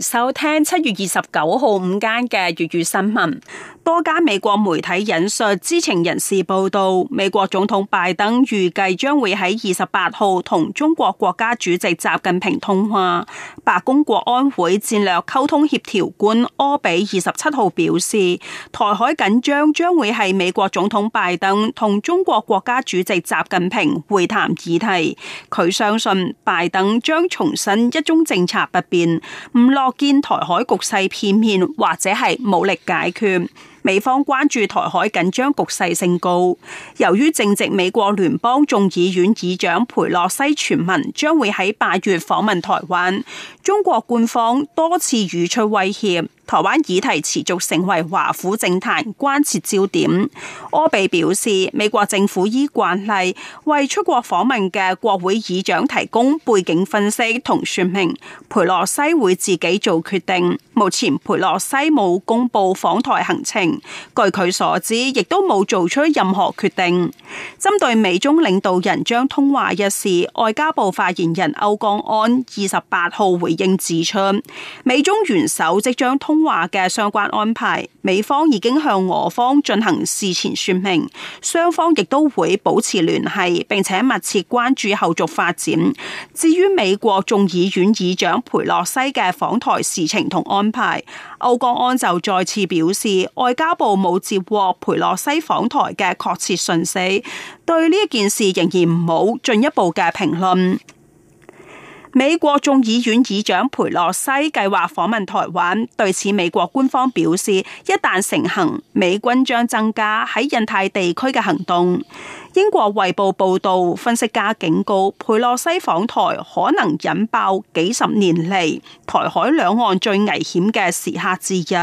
收聽七月二十九號午間嘅粵語新聞。多家美國媒體引述知情人士報道，美國總統拜登預計將會喺二十八號同中國國家主席習近平通話。白宮國安會戰略溝通協調官柯比二十七號表示，台海緊張將會係美國總統拜登同中國國家主席習近平會談議題。佢相信拜登將重申一中政策不變，唔樂見台海局勢片面或者係武力解決。美方關注台海緊張局勢升高，由於正值美國聯邦眾議院議長裴洛西傳聞將會喺八月訪問台灣，中國官方多次語出威脅。台灣議題持續成為華府政壇關切焦點。柯比表示，美國政府依慣例為出國訪問嘅國會議長提供背景分析同説明，裴洛西會自己做決定。目前裴洛西冇公佈訪台行程，據佢所知，亦都冇做出任何決定。針對美中領導人將通話一事，外交部發言人歐江安二十八號回應指出，美中元首即將通話嘅相關安排，美方已經向我方進行事前說明，雙方亦都會保持聯繫，並且密切關注後續發展。至於美國眾議院議長裴洛西嘅訪台事情同安排，歐國安就再次表示，外交部冇接獲裴洛西訪台嘅確切訊息，對呢一件事仍然冇進一步嘅評論。美國眾議院議長裴洛西計劃訪問台灣，對此美國官方表示，一旦成行，美軍將增加喺印太地區嘅行動。英國衛報報道，分析家警告，裴洛西訪台可能引爆幾十年嚟台海兩岸最危險嘅時刻之一。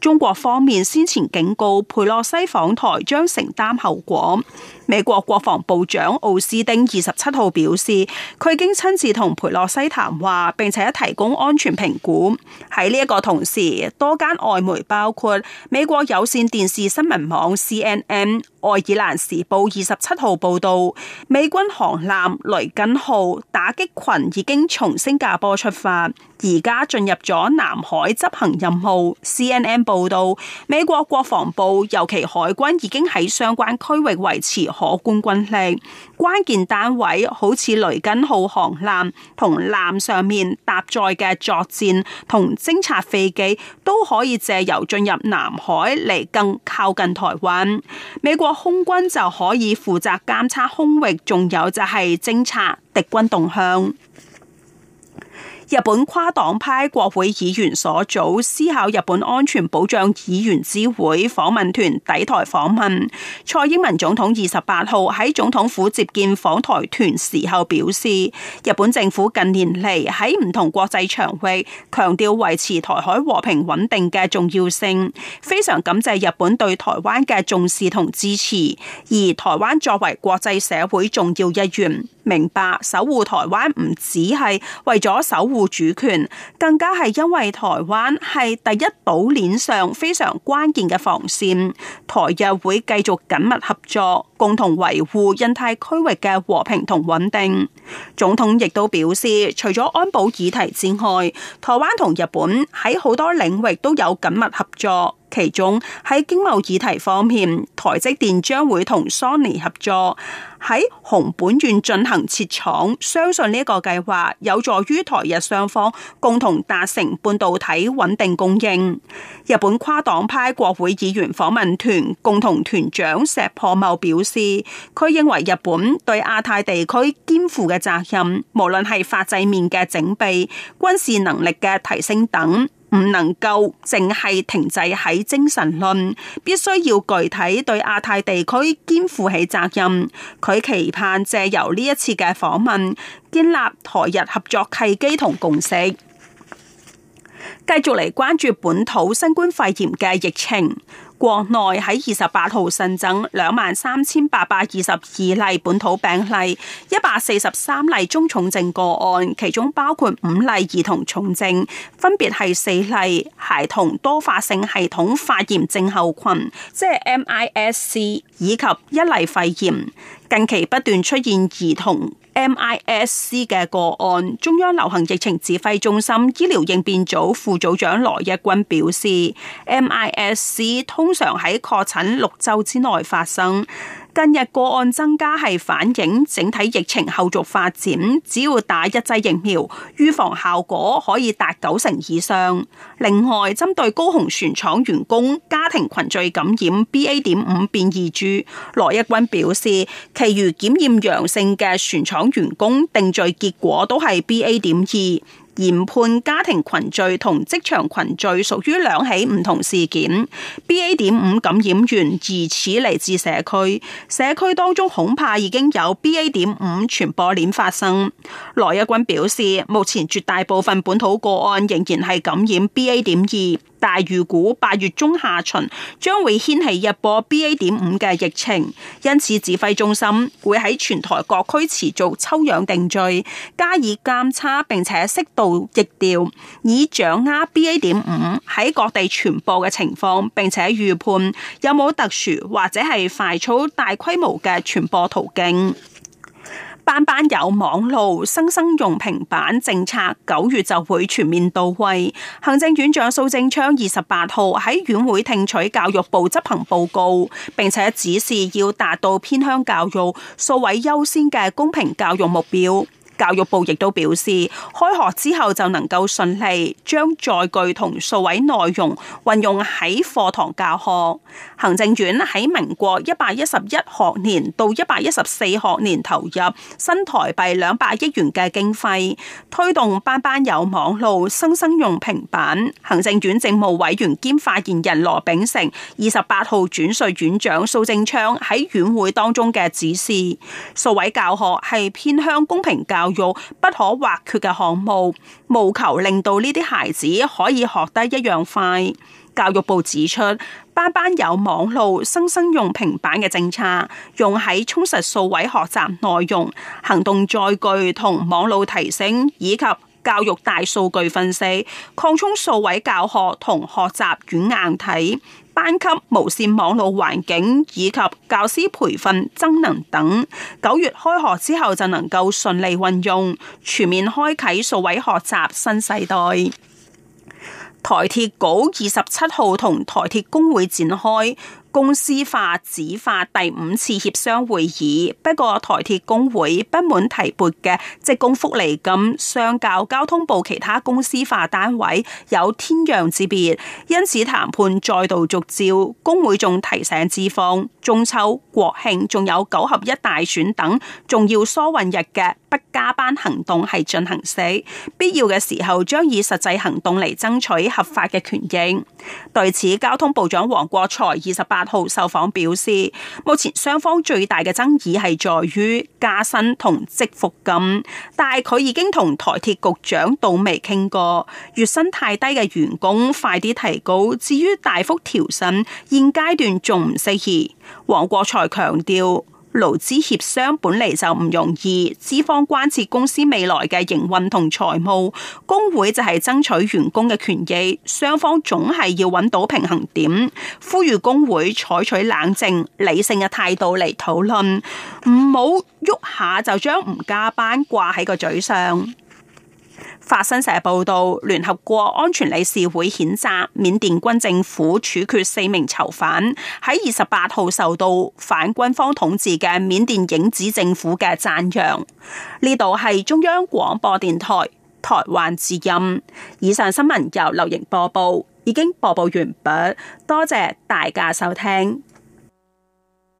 中國方面先前警告，佩洛西訪台將承擔後果。美國國防部長奧斯丁二十七號表示，佢已經親自同佩洛西談話，並且提供安全評估。喺呢一個同時，多間外媒包括美國有線電視新聞網 CNN、愛爾蘭時報二十七號報道，美軍航艦雷根號打擊群已經從新加坡出發，而家進入咗南海執行任務。CNN 報道，美國國防部尤其海軍已經喺相關區域維持可觀軍力，關鍵單位好似雷根號航艦同艦上面搭載嘅作戰同偵察飛機都可以借由進入南海嚟更靠近台灣。美國空軍就可以負責監測空域，仲有就係偵察敵軍動向。日本跨黨派國會議員所組思考日本安全保障議員之會訪問團抵台訪問，蔡英文總統二十八號喺總統府接見訪台團時候表示，日本政府近年嚟喺唔同國際場域強調維持台海和平穩定嘅重要性，非常感謝日本對台灣嘅重視同支持，而台灣作為國際社會重要一員，明白守護台灣唔止係為咗守護。主權更加係因為台灣係第一島鏈上非常關鍵嘅防線，台日會繼續緊密合作。共同維護印太區域嘅和平同穩定。總統亦都表示，除咗安保議題之外，台灣同日本喺好多領域都有緊密合作。其中喺經貿議題方面，台積電將會同 Sony 合作喺熊本縣進行設廠，相信呢個計劃有助於台日雙方共同達成半導體穩定供應，日本跨黨派國會議員訪問團共同團長石破茂表示。是，佢認為日本對亞太地區肩負嘅責任，無論係法制面嘅整備、軍事能力嘅提升等，唔能夠淨係停滯喺精神論，必須要具體對亞太地區肩負起責任。佢期盼借由呢一次嘅訪問，建立台日合作契機同共識。繼續嚟關注本土新冠肺炎嘅疫情。國內喺二十八號新增兩萬三千八百二十二例本土病例，一百四十三例中重症個案，其中包括五例兒童重症，分別係四例孩童多發性系統發炎症候群，即係 MIS-C，以及一例肺炎。近期不斷出現兒童。MIS-C 嘅個案，中央流行疫情指揮中心醫療應變組副組長羅一鈞表示，MIS-C 通常喺確診六週之內發生。近日個案增加係反映整體疫情後續發展，只要打一劑疫苗，預防效果可以達九成以上。另外，針對高雄船廠員工家庭群聚感染 B A 點五變異株，羅一君表示，其餘檢驗陽性嘅船廠員工定序結果都係 B A 點二。研判家庭群聚同職場群聚屬於兩起唔同事件。B A. 點五感染源疑似嚟自社區，社區當中恐怕已經有 B A. 點五傳播鏈發生。羅一君表示，目前絕大部分本土個案仍然係感染 B A. 點二。大預估八月中下旬將會掀起一波 BA. 點五嘅疫情，因此指揮中心會喺全台各區持續抽樣定序，加以監測並且適度疫調，以掌握 BA. 點五喺各地傳播嘅情況，並且預判有冇特殊或者係快速大規模嘅傳播途徑。班班有網路，生生用平板政策，九月就會全面到位。行政院長蘇貞昌二十八號喺院會聽取教育部執行報告，並且指示要達到偏鄉教育數位優先嘅公平教育目標。教育部亦都表示，開學之後就能夠順利將載具同數位內容運用喺課堂教學。行政院喺民國一百一十一學年到一百一十四學年投入新台幣兩百億元嘅經費，推動班班有網路、生生用平板。行政院政務委員兼發言人羅秉成、二十八號轉述院長蘇貞昌喺院會當中嘅指示，數位教學係偏鄉公平教。用不可或缺嘅項目，務求令到呢啲孩子可以學得一樣快。教育部指出，班班有網路，生生用平板嘅政策，用喺充實數位學習內容、行動載具同網路提升，以及。教育大數據分析、擴充數位教學同學習軟硬體班級無線網絡環境以及教師培訓增能等，九月開學之後就能夠順利運用，全面開啟數位學習新世代。台鐵局二十七號同台鐵工會展開。公司化指化第五次協商會議，不過台鐵工會不滿提撥嘅職工福利金，相較交通部其他公司化單位有天壤之別，因此談判再度續照。工會仲提醒資方中秋、國慶仲有九合一大選等重要疏運日嘅不加班行動係進行式，必要嘅時候將以實際行動嚟爭取合法嘅權益。對此，交通部長王國材二十八。八號受訪表示，目前雙方最大嘅爭議係在於加薪同積福金，但係佢已經同台鐵局長都未傾過，月薪太低嘅員工快啲提高，至於大幅調薪，現階段仲唔適宜。王國材強調。勞資協商本嚟，就唔容易，資方關切公司未來嘅營運同財務，工會就係爭取員工嘅權益，雙方總係要揾到平衡點。呼籲工會採取冷靜、理性嘅態度嚟討論，唔好喐下就將唔加班掛喺個嘴上。法新社報道，聯合國安全理事會譴責緬甸軍政府處決四名囚犯，喺二十八號受到反軍方統治嘅緬甸影子政府嘅讚揚。呢度係中央廣播電台，台灣之音。以上新聞由劉瑩播報，已經播報完畢。多謝大家收聽。